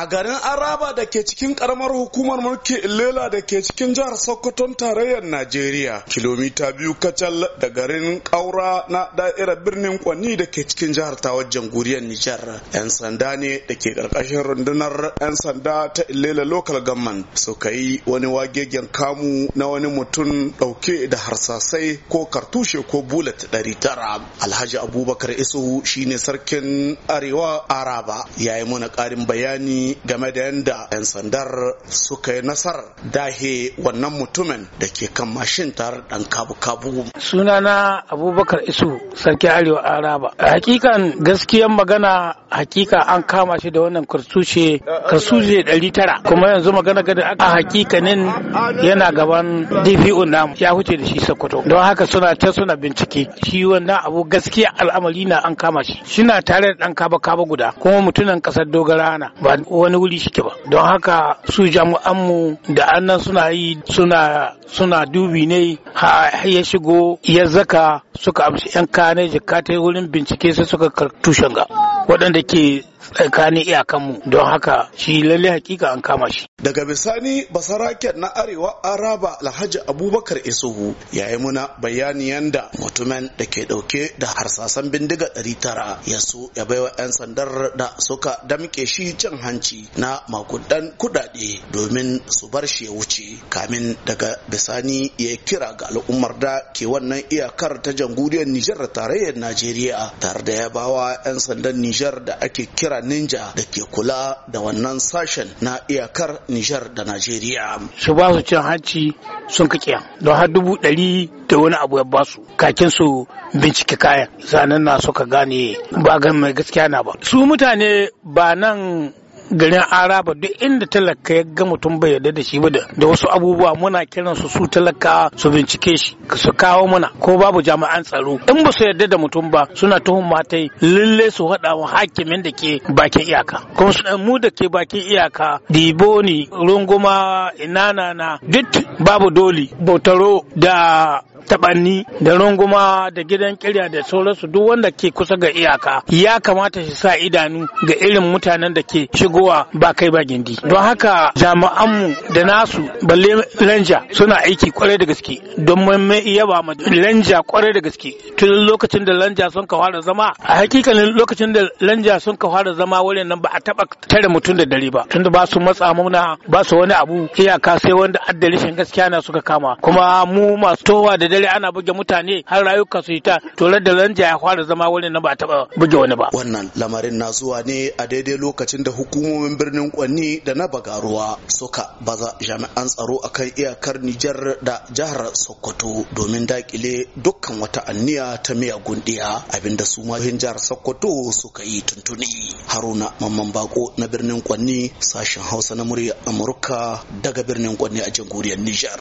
a garin araba da ke cikin karamar hukumar mulki ilela da ke cikin jihar sokoton tarayyar najeriya kilomita biyu kacal da garin kaura na da'irar birnin kwanni da ke cikin jihar ta wajen nijar yan sanda ne da ke karkashin rundunar yan sanda ta ilela local government suka yi wani wagegen kamu na wani mutum dauke da harsasai ko kartushe ko bulet dari tara alhaji abubakar isuhu shine sarkin arewa araba ya yi mana ƙarin bayani game da yadda 'yan sandar suka yi nasarar dahe wannan mutumin da ke kan mashin tar dan kabu-kabu. Sunana Abubakar Isu Sarki Arewa Araba. Hakikan gaskiyan magana hakika an kama shi da wannan kartushe kartushe ɗari tara kuma yanzu magana gada a hakikanin yana gaban DPO namu ya huce da shi Sokoto. Don haka suna ta suna bincike shi wannan abu gaskiya al'amari na an kama shi. Shina tare da ɗan kaba-kaba guda kuma mutunan kasar dogara na wani wuri shike ba don haka su jami'an mu da annan suna yi suna suna dubi ne ha ya shigo ya zaka suka amshi yan kane jikatai wurin bincike sai suka tushen ga waɗanda ke tsakanin iyakanmu don haka shi lalle hakika an kama shi. Daga bisani basaraken na arewa araba alhaji abubakar isuhu ya yi muna bayani yanda mutumin da ke ɗauke da harsasan bindiga ɗari tara ya so ya baiwa 'yan sandar da suka damke shi cin hanci na makudan kudade domin su bar shi ya wuce kamin daga bisani ya kira ga al'ummar da ke wannan iyakar ta jamhuriyar Nijar tarayyar Najeriya tare da ya bawa 'yan sandan Nijar Nijar da ake kira Ninja da ke kula da wannan sashen na iyakar Nijar da Najeriya. Su ba su cin hanci sun kakiya don har dubu ɗari da wani abu ya ba su kakin su bincike kayan zanen na suka gane ba gan mai gaskiya na ba. Su mutane ba nan garin araba duk inda talaka ya ga mutum bai yarda da shi ba da wasu abubuwa muna kiran su su talaka su bincike shi su kawo muna ko babu jami'an tsaro in ba su yarda da mutum ba suna tuhun matai lalle su haɗa wa hakimin da ke bakin iyaka kuma su mu da ke bakin iyaka diboni runguma na duk babu doli botaro da tabanni da runguma da gidan kirya da sauransu duk wanda ke kusa ga iyaka ya kamata shi sa idanu ga irin mutanen da ke shigowa ba kai ba gindi don haka jami'anmu da nasu balle lanja suna aiki kwarai da gaske don mai yaba ma lanja kwarai da gaske tun lokacin da lanja sun ka fara zama a hakikalin lokacin da lanja sun ka fara zama wurin nan ba a taba tare mutum da dare ba tunda ba su matsa muna ba su wani abu iyaka sai wanda adda gaskiya na suka kama kuma mu masu towa da dare ana buge mutane har rayuka su ta tore da ranja ya fara zama wani na ba taba buge wani ba wannan lamarin na zuwa ne a daidai lokacin da hukumomin birnin Kwanni da na Bagaruwa suka baza jami'an tsaro akan iyakar Nijar da jihar Sokoto domin dakile dukkan wata anniya ta miyagun diya abinda su mahin jihar Sokoto suka yi tuntuni Haruna Mamman Bako na birnin Kwanni sashen Hausa na murya Amurka daga birnin Kwanni a jamhuriyar Nijar